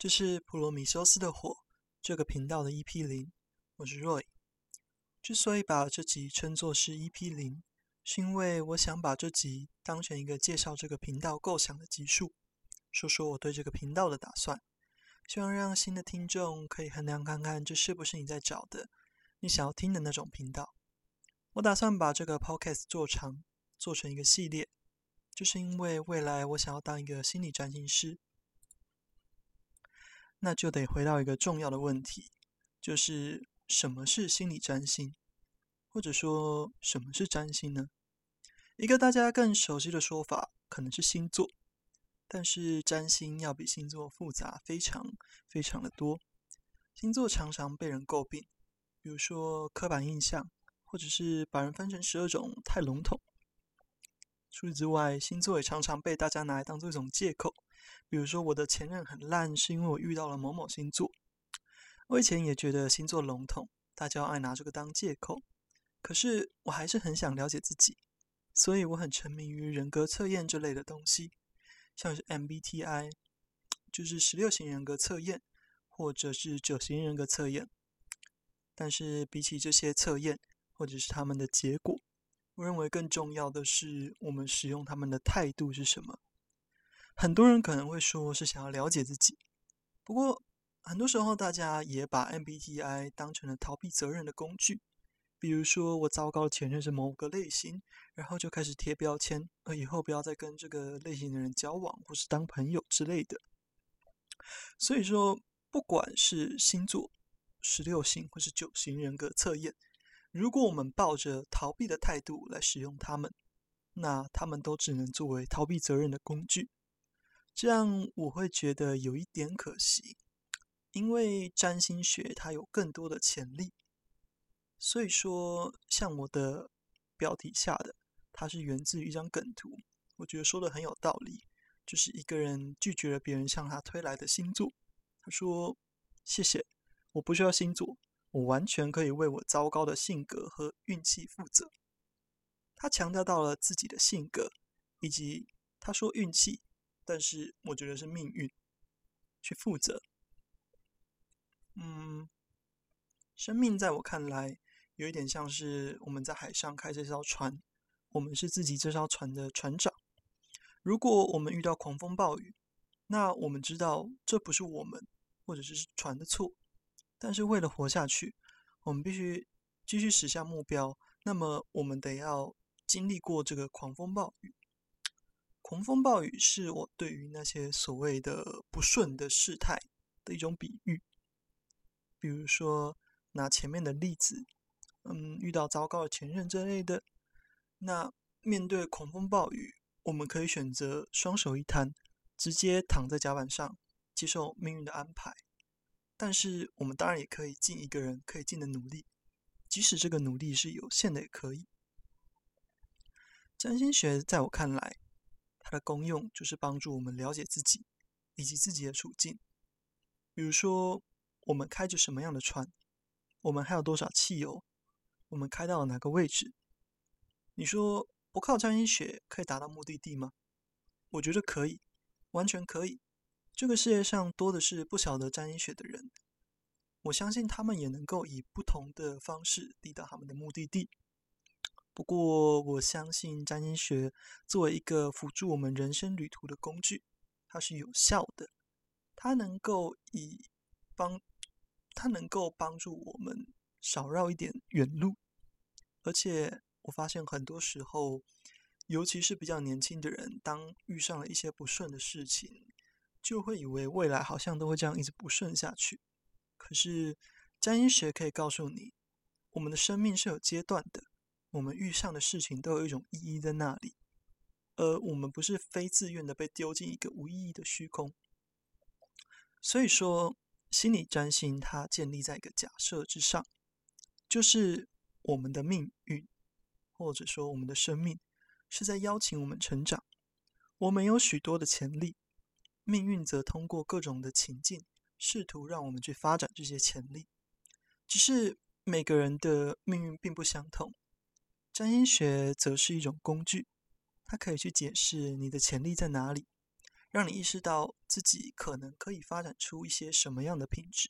這是普羅米修斯的火這個頻道的 EP 零，我是 Roy。之所以把這集稱作是 EP 零，是因為我想把這集當成一個介紹這個頻道構想的集數，說說我對這個頻道的打算，希望讓新的聽眾可以衡量看看這是不是你在找的，你想要聽的那種頻道。我打算把這個 podcast 做長，做成一個系列，就是因為未來我想要當一個心理占星師。那就得回到一個重要的問題，就是什麼是心理占星，或者說什麼是占星呢？一個大家更熟悉的說法可能是星座，但是占星要比星座複雜非常非常的多。星座常常被人詬病，比如說刻板印象，或者是把人分成十二種太籠統。除此之外，星座也常常被大家拿來當做一種借口。比如說，我的前任很爛，是因為我遇到了某某星座。我以前也覺得星座籠統，大家愛拿這個當借口。可是我還是很想了解自己，所以我很沉迷於人格測驗這類的東西，像是 MBTI，就是十六型人格測驗，或者是九型人格測驗。但是比起這些測驗，或者是他們的結果，我認為更重要的是我們使用他們的態度是什麼。很多人可能會說是想要了解自己，不過很多時候大家也把 MBTI 當成了逃避責任的工具。比如說，我糟糕的前任是某個類型，然後就開始貼標籤，而以後不要再跟這個類型的人交往，或是當朋友之類的。所以說，不管是星座、十六型或是九型人格測驗，如果我們抱着逃避的態度來使用它們，那它們都只能作為逃避責任的工具。這樣我會覺得有一點可惜，因為占星學它有更多的潛力。所以說，像我的標題下的，它是源自於一張梗圖，我覺得說的很有道理。就是一個人拒絕了別人向他推來的星座，他說：“謝謝，我不需要星座，我完全可以為我糟糕的性格和運氣負責。”他強調到了自己的性格，以及他說運氣。但是我覺得是命運，去負責。嗯，生命在我看來有一點像是我們在海上開這艘船，我們是自己這艘船的船長。如果我們遇到狂風暴雨，那我們知道這不是我們，或者是船的錯。但是為了活下去，我們必須繼續駛向目標，那麼我們得要經歷過這個狂風暴雨。狂風暴雨是我對於那些所謂的不順的事態的一種比喻。比如說，拿前面的例子，嗯，遇到糟糕的前任之類的。那面對狂風暴雨，我們可以選擇雙手一攤，直接躺在甲板上接受命運的安排。但是，我們當然也可以盡一個人可以盡的努力，即使這個努力是有限的，也可以。占星學在我看來，它的功用就是幫助我們了解自己以及自己的處境，比如說我們開着什麼樣的船，我們還有多少汽油，我們開到了哪個位置。你說不靠占星學可以達到目的地嗎？我覺得可以，完全可以。這個世界上多的是不曉得占星學的人，我相信他們也能夠以不同的方式抵達他們的目的地。不過，我相信占星學作為一個輔助我們人生旅途的工具，它是有效的。它能夠以幫，它能夠幫助我們少繞一點遠路。而且，我發現很多時候，尤其是比較年輕的人，當遇上了一些不順的事情，就會以為未來好像都會這樣一直不順下去。可是，占星學可以告訴你，我們的生命是有階段的。我們遇上的事情都有一種意義在那裡，而我們不是非自願的被丟進一個無意義的虛空。所以說，心理占星它建立在一個假設之上，就是我們的命運，或者說我們的生命，是在邀請我們成長。我們有許多的潛力，命運則通過各種的情境，試圖讓我們去發展這些潛力。只是每個人的命運並不相同。占星學則是一種工具，它可以去解釋你的潛力在哪裡，讓你意識到自己可能可以發展出一些什麼樣的品質。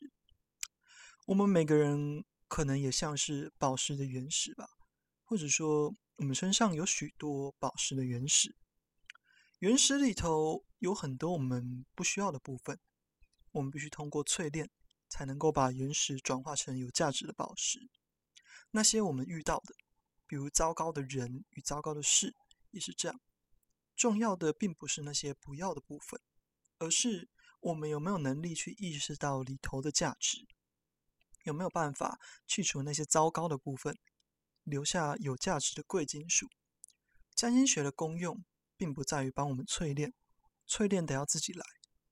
我們每個人可能也像是寶石的原石吧，或者說我們身上有許多寶石的原石，原石裡頭有很多我們不需要的部分，我們必須通過淬煉，才能夠把原石轉化成有價值的寶石。那些我們遇到的，比如糟糕的人與糟糕的事也是這樣。重要的並不是那些不要的部分，而是我們有沒有能力去意識到裡頭的價值，有沒有辦法去除那些糟糕的部分，留下有價值的貴金屬。占星學的功用並不在於幫我們淬煉，淬煉得要自己來，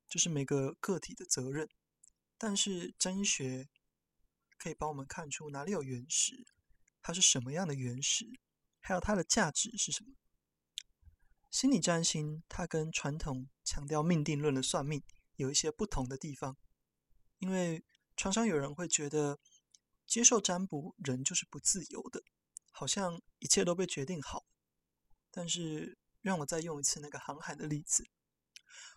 就是每個個體的責任。但是占星學可以幫我們看出哪裡有原石。它是什麼樣的原始，還有它的價值是什麼？心理占星它跟傳統強調命定論的算命有一些不同的地方，因為常常有人會覺得接受占卜人就是不自由的，好像一切都被決定好。但是讓我再用一次那個航海的例子，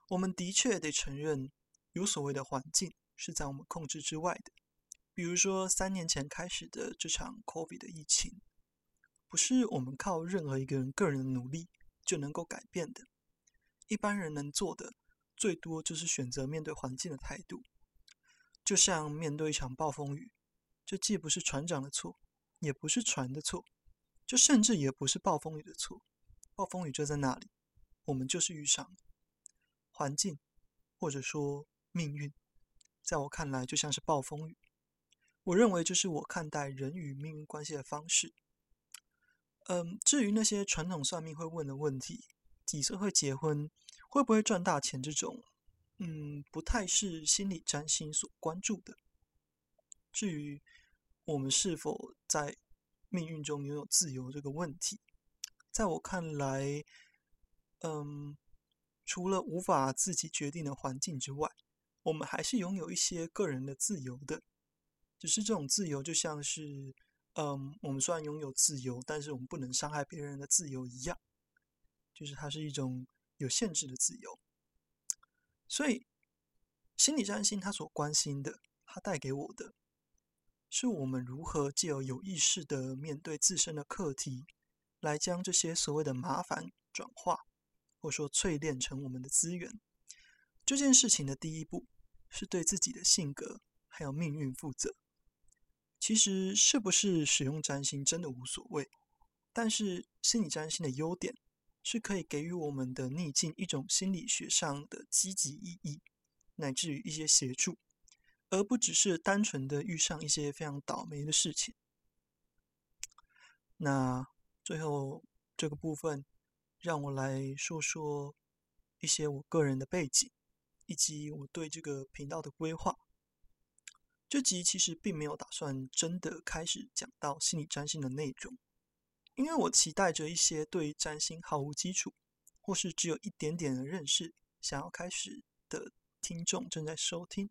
我們的確得承認，有所謂的環境是在我們控制之外的。比如說，三年前開始的這場 COVID 的疫情，不是我們靠任何一個人個人的努力就能夠改變的。一般人能做的，最多就是選擇面對環境的態度。就像面對一場暴風雨，這既不是船長的錯，也不是船的錯，這甚至也不是暴風雨的錯。暴風雨就在那裡，我們就是遇上了。環境，或者說命運，在我看來就像是暴風雨。我認為，就是我看待人與命運關係的方式。嗯，至於那些傳統算命會問的問題，幾歲會結婚，會不會賺大錢，這種，嗯，不太是心理占星所關注的。至於我們是否在命運中擁有自由這個問題，在我看來，嗯，除了無法自己決定的環境之外，我們還是擁有一些個人的自由的。只是這種自由，就像是，嗯，我們雖然擁有自由，但是我們不能傷害別人的自由一樣，就是它是一種有限制的自由。所以，心理占星他所關心的，他帶給我的，是我們如何借由有意識的面對自身的課題，來將這些所謂的麻煩轉化，或說淬煉成我們的資源。這件事情的第一步，是對自己的性格還有命運負責。其實是不是使用占星真的無所謂，但是心理占星的優點是可以給予我們的逆境一種心理學上的積極意義，乃至於一些協助，而不只是單純的遇上一些非常倒霉的事情。那最後這個部分，讓我來說說一些我個人的背景，以及我對這個頻道的規劃。這集其實並沒有打算真的開始講到心理占星的內容，因為我期待着一些對於占星毫無基礎，或是只有一點點的認識想要開始的聽眾正在收聽，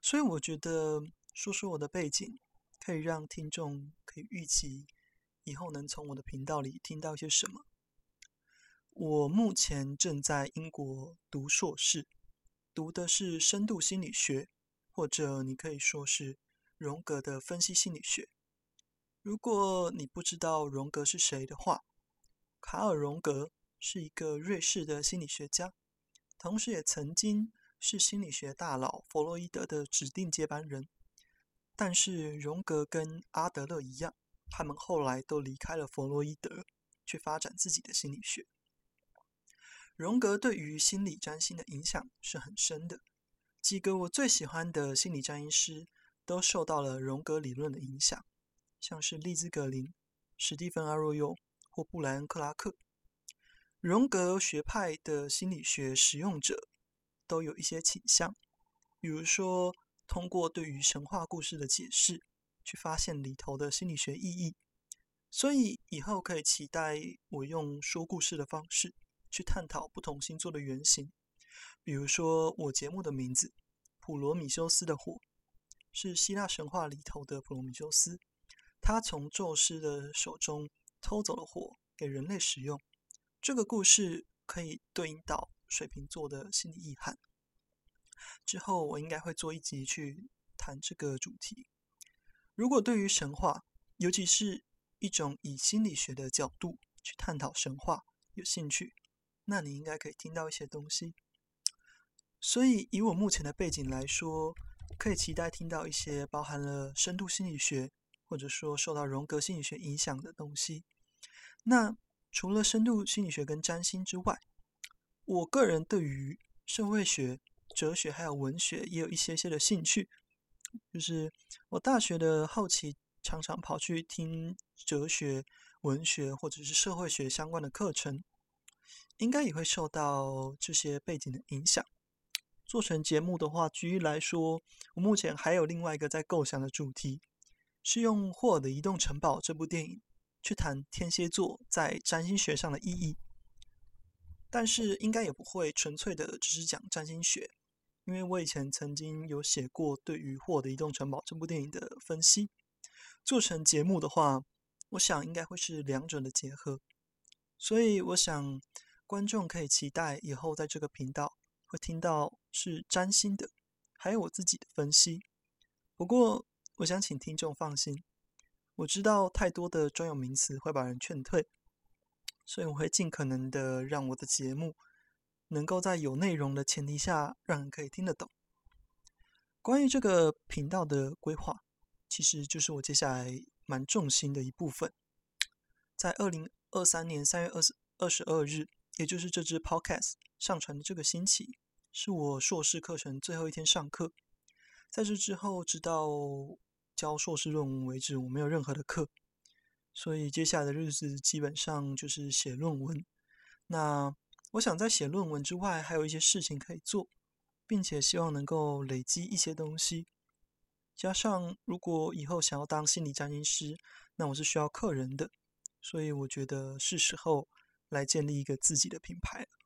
所以我覺得說說我的背景，可以讓聽眾可以預期以後能從我的頻道裡聽到一些什麼。我目前正在英國讀碩士，讀的是深度心理學。或者你可以說是榮格的分析心理學。如果你不知道榮格是誰的話，卡爾·榮格是一個瑞士的心理學家，同時也曾經是心理學大佬弗洛伊德的指定接班人。但是榮格跟阿德勒一樣，他們後來都離開了弗洛伊德，去發展自己的心理學。榮格對於心理占星的影響是很深的。幾個我最喜歡的心理占星師，都受到了榮格理論的影響，像是利茲格林、史蒂芬阿若優或布萊恩克拉克。榮格學派的心理學使用者，都有一些傾向，比如說通過對於神話故事的解釋，去發現裡頭的心理學意義。所以以後可以期待我用說故事的方式，去探討不同星座的原型。比如說，我節目的名字《普羅米修斯的火》，是希臘神話裡頭的普羅米修斯，他從宙斯的手中偷走了火，給人類使用。這個故事可以對應到水瓶座的心理意涵。之後我應該會做一集去談這個主題。如果對於神話，尤其是一種以心理學的角度去探討神話有興趣，那你應該可以聽到一些東西。所以，以我目前的背景來說，可以期待聽到一些包含了深度心理學，或者說受到榮格心理學影響的東西。那除了深度心理學跟占星之外，我個人對於社會學、哲學還有文學也有一些些的興趣。就是我大學的後期，常常跑去聽哲學、文學或者是社會學相關的課程，應該也會受到這些背景的影響。做成節目的話，舉例來說，我目前還有另外一個在構想的主題，是用霍爾的《移動城堡》這部電影去談天蠍座在占星學上的意義。但是應該也不會純粹的只是講占星學，因為我以前曾經有寫過對於霍爾的《移動城堡》這部電影的分析。做成節目的話，我想應該會是兩者的結合。所以我想，觀眾可以期待以後在這個頻道。會聽到是占星的，還有我自己的分析。不過，我想請聽眾放心，我知道太多的專有名詞會把人勸退，所以我會盡可能的讓我的節目能夠在有內容的前提下讓人可以聽得懂。關於這個頻道的規劃，其實就是我接下來蠻重心的一部分。在二零二三年三月二十二日，也就是這支 Podcast 上傳的這個星期。是我碩士課程最後一天上課，在這之後直到交碩士論文為止，我沒有任何的課，所以接下來的日子基本上就是寫論文。那我想在寫論文之外，還有一些事情可以做，並且希望能夠累積一些東西。加上如果以後想要當心理占星師，那我是需要客人的，所以我覺得是時候來建立一個自己的品牌了。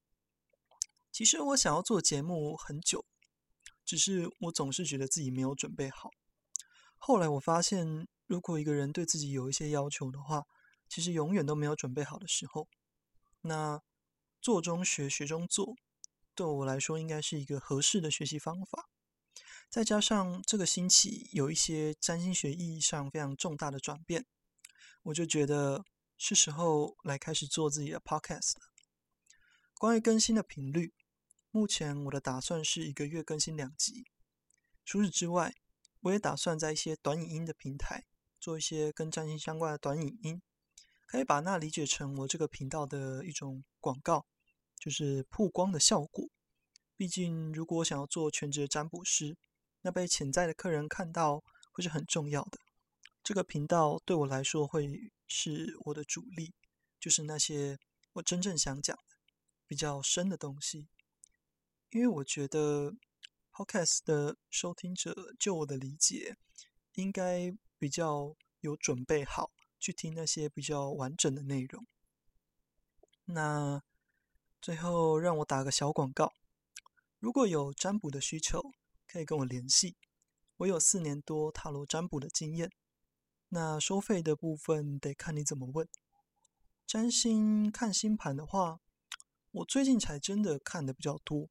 其實我想要做節目很久，只是我總是覺得自己沒有準備好。後來我發現，如果一個人對自己有一些要求的話，其實永遠都沒有準備好的時候。那做中學，學中做，對我來說應該是一個合適的學習方法。再加上這個星期有一些占星學意義上非常重大的轉變，我就覺得是時候來開始做自己的 podcast。關於更新的頻率。目前我的打算是一個月更新兩集。除此之外，我也打算在一些短影音的平台做一些跟占星相關的短影音，可以把那理解成我這個頻道的一種廣告，就是曝光的效果。畢竟，如果我想要做全職占卜師，那被潛在的客人看到會是很重要的。這個頻道對我來說會是我的主力，就是那些我真正想講的比較深的東西。因為我覺得 Podcast 的收聽者，就我的理解，應該比較有準備好去聽那些比較完整的內容。那最後讓我打個小廣告：如果有占卜的需求，可以跟我聯繫。我有四年多塔羅占卜的經驗。那收費的部分得看你怎麼問。占星看星盤的話，我最近才真的看的比較多。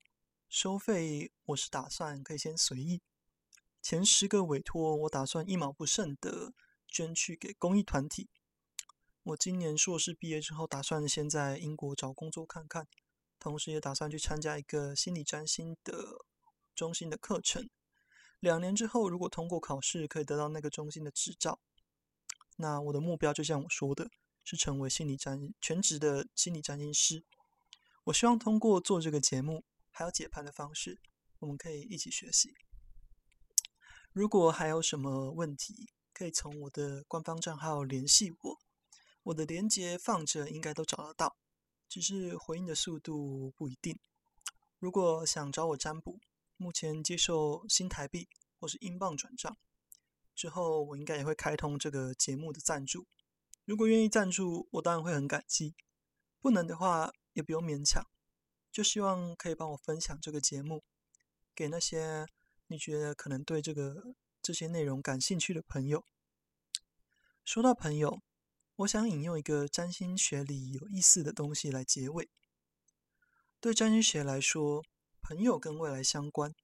收費我是打算可以先隨意，前十個委托我打算一毛不剩的捐去給公益團體。我今年碩士畢業之後，打算先在英國找工作看看，同時也打算去參加一個心理占星的中心的課程。兩年之後，如果通過考試，可以得到那個中心的執照，那我的目標就像我說的，是成為心理占全職的心理占星師。我希望通過做這個節目，還有解盤的方式，我們可以一起學習。如果還有什麼問題，可以從我的官方賬號聯繫我，我的連接放着，應該都找得到，只是回應的速度不一定。如果想找我占卜，目前接受新台幣或是英鎊轉賬，之後我應該也會開通這個節目的贊助。如果願意贊助，我當然會很感激；不能的話，也不用勉強。就希望可以幫我分享這個節目，給那些你覺得可能對這個這些內容感興趣的朋友。說到朋友，我想引用一個占星學裡有意思的東西來結尾。對占星學來說，朋友跟未來相關，這、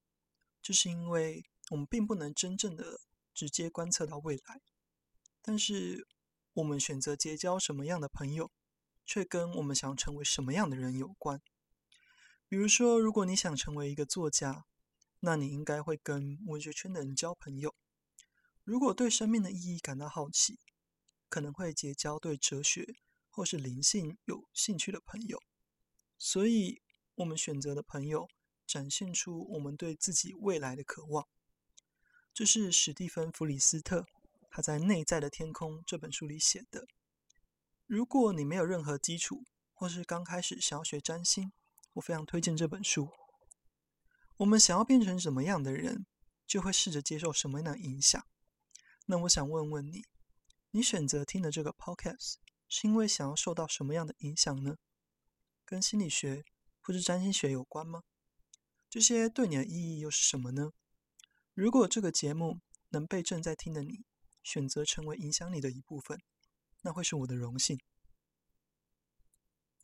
就是因為我們並不能真正的直接觀測到未來，但是我們選擇結交什麼樣的朋友，卻跟我們想成為什麼樣的人有關。比如說，如果你想成為一個作家，那你應該會跟文學圈的人交朋友。如果對生命的意義感到好奇，可能會結交對哲學或是靈性有興趣的朋友。所以，我們選擇的朋友展現出我們對自己未來的渴望。這是史蒂芬·弗里斯特他在《內在的天空》這本書裡寫的。如果你沒有任何基礎，或是剛開始想要學占星。我非常推薦這本書。我們想要變成什麼樣的人，就會試着接受什麼樣的影響。那我想問問你，你選擇聽的這個 podcast，是因為想要受到什麼樣的影響呢？跟心理學或者占星學有關嗎？這些對你的意義又是什麼呢？如果這個節目能被正在聽的你選擇成為影響你的一部分，那會是我的榮幸。